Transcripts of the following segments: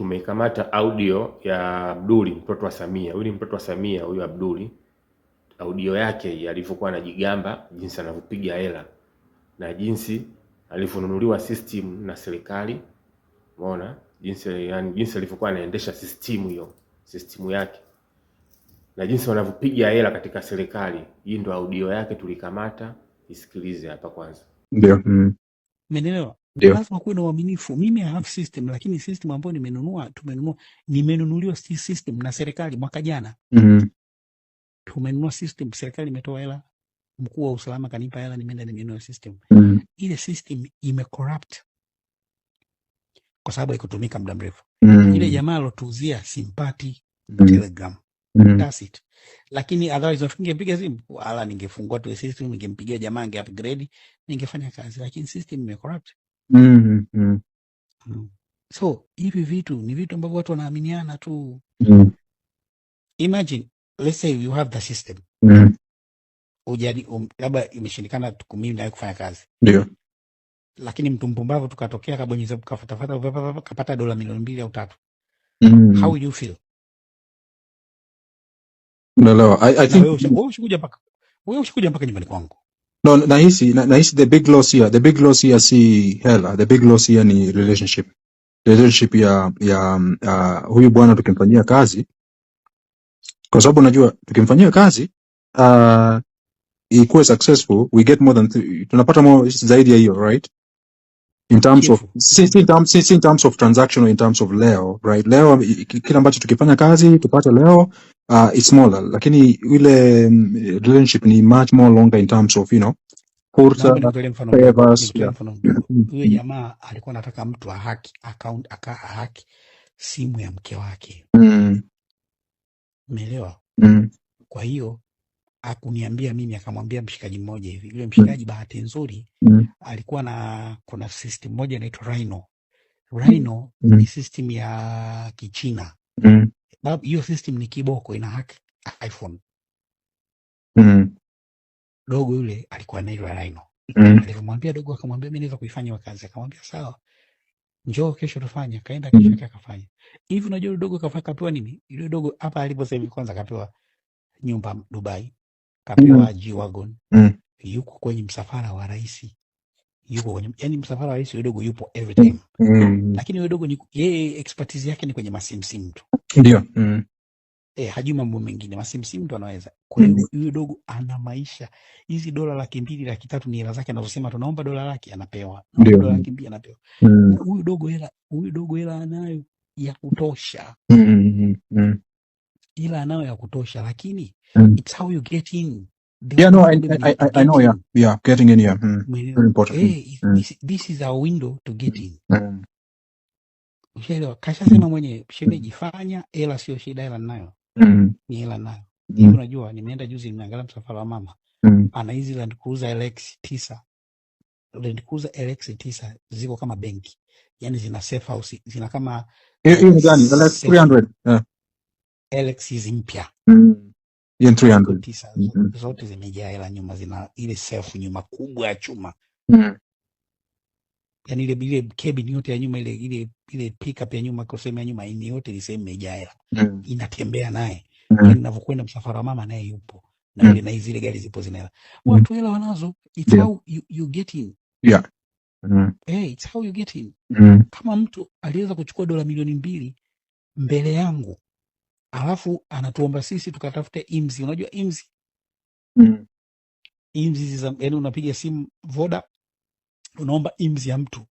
tumeikamata audio ya Abduli mtoto wa Samia. Huyu ni mtoto wa Samia huyu Abduli, audio yake alivyokuwa anajigamba jinsi anavyopiga hela na jinsi alivyonunuliwa system na serikali. Umeona jinsi yani, jinsi alivyokuwa anaendesha system hiyo system yake na jinsi wanavyopiga hela katika serikali. Hii ndo audio yake tulikamata, isikilize hapa kwanza. Ndio, mm. mmenielewa? Lazima kuwe na uaminifu. Mimi I have system lakini system ambayo nimenunua tumenunua nimenunuliwa si system na serikali mwaka jana. Mhm. Tumenunua system serikali imetoa hela. Mkuu wa usalama kanipa hela nimeenda nimenunua system. Mhm. Ile system ime corrupt kwa sababu haikutumika muda mrefu. Mhm. Ile jamaa alotuuzia simpati Mhm. Telegram. Mhm. that's it. Lakini otherwise usingepiga simu wala ningefungua tu system ningempigia jamaa ange upgrade ningefanya kazi lakini system ime corrupt mm-hmm. Mm. So hivi vitu ni vitu ambavyo watu wanaaminiana tu. Mm. Imagine let's say you have the system Mm. ujadi um, labda imeshindikana tu- mimi nawe kufanya kazi, Ndio. lakini mtu mpumbavu tukatokea kabonyeza kafatafata kapata dola milioni mbili au tatu, Mm. will you feel? Naelewa. I, mpaka nyumbani kwangu No, nahisi na, nahisi the big loss here, the big loss here si hela, the big loss here ni relationship, relationship ya ya mm, huyu bwana tukimfanyia kazi, kwa sababu unajua tukimfanyia kazi uh, ikuwe successful we get more than th tunapata more zaidi ya hiyo right in terms of since in terms, since in terms of transaction or in terms of leo right, leo i- i- kile ambacho tukifanya kazi tupate leo uh, it's smaller, lakini ile mm, relationship ni much more longer in terms of you know fursa, favors, mm-hmm. Huyo jamaa alikuwa anataka mtu ahaki account, aka ahaki simu ya mke wake, mm-hmm. umeelewa? mm, mm. Kwa hiyo akuniambia mimi, akamwambia mshikaji mmoja hivi. Yule mshikaji mm, bahati nzuri mm, alikuwa na kuna system moja inaitwa Rhino. Rhino mm, ni system ya Kichina. mm sababu hiyo system ni kiboko, ina hack iPhone. mm. Dogo yule alikuwa na ile Rhino mm. Mm-hmm. Alimwambia dogo, akamwambia mimi naweza kuifanya kazi, akamwambia sawa, njoo kesho tufanye. Kaenda kesho mm-hmm. yake akafanya hivi. Unajua dogo kafanya, kapewa nini ile dogo hapa alipo sasa hivi, kwanza kapewa nyumba Dubai, kapewa G-Wagon mm. yuko kwenye msafara wa rais yuko kwenye yani, msafara rahisi Yesu Wedogo yupo every time mm. Lakini Wedogo ni yeye, expertise yake ni kwenye masimsim tu ndio mm. Eh, hajui mambo mengine, masimsim tu anaweza. Kwa hiyo mm. huyu dogo ana maisha, hizi dola laki mbili laki tatu ni hela zake anazosema, tunaomba dola laki anapewa, ndio dola laki mbili anapewa mm. Yaani huyu mm. dogo hela, huyu dogo hela anayo ya kutosha mm. mm. ila mm, mm. anayo ya kutosha, lakini mm. it's how you get in Yeah, no, I, I, I, I know. Yeah, yeah, getting in yeah, Mm. Very important. Hey, eh, Mm. this, this is our window to get in. Mm. mm. mm. sio shida, Mm. ni nayo. Mm. unajua, nimeenda juzi, msafara wa mama Mm. ana hizi Land Cruiser LX tisa, Land Cruiser LX tisa ziko kama benki, yani zina safe house, zina kama Hiyo ni gani? 300. LX hizi mpya Yen 300. Tisa mm -hmm. Zote zimejaa hela, nyuma zina ile sefu nyuma kubwa ya chuma mm mm-hmm. Yani ile ile cabin yote ya nyuma ile ile ile pickup ya nyuma cross ya nyuma ini yote ni sehemu imejaa hela mm Inatembea naye mm mm-hmm. -hmm. Yaani Ninavyokwenda msafara wa mama naye yupo na ile mm Na hizi gari zipo zina hela mm Watu hela wanazo, it's yeah. How you, you get in yeah mm Hey, it's how you get in mm Kama mtu aliweza kuchukua dola milioni mbili mbele yangu Alafu anatuomba sisi tukatafute imzi Unajua imzi Mm. imzi hizi yani unapiga simu Voda unaomba imzi ya mtu.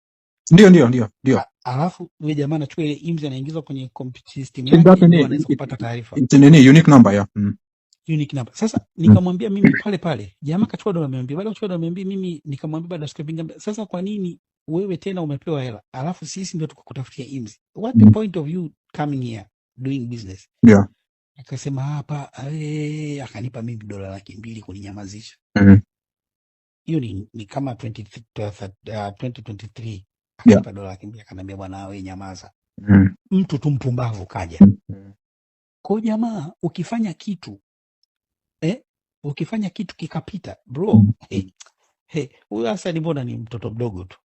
Ndio, ndio, ndio, ndio. Alafu yule jamaa anachukua ile imzi anaingiza kwenye computer system yake ndio anaweza kupata taarifa. ni nini unique number ya. Mm. Unique number. Sasa mm. nikamwambia mimi pale pale, jamaa kachukua dola 200. Baada kuchukua dola 200 mimi nikamwambia baada ya siku vingi, sasa kwa nini wewe tena umepewa hela? Alafu sisi ndio tukakutafutia imzi What the mm. point of you coming here? doing business yeah. Akasema hapa hey, eh, akanipa mimi dola laki mbili kuninyamazisha mm -hmm. Ni, ni kama 20, uh, akanipa yeah. dola laki mbili akaniambia bwana we nyamaza mm -hmm. Mtu tu mpumbavu kaja mm -hmm. Kwa jamaa ukifanya kitu eh, ukifanya kitu kikapita bro mm -hmm. hey, eh, hey, huyo ni mbona ni mtoto mdogo tu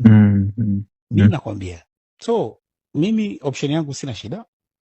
mm -hmm. mi nakwambia so mimi option yangu sina shida